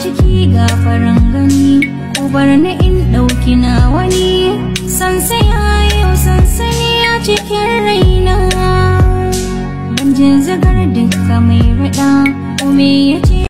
ciki ga farin gani ubar na in ɗauki na wani sansaya yau sansani a cikin raina ban jin zagar dukka mai raɗa kome ya ce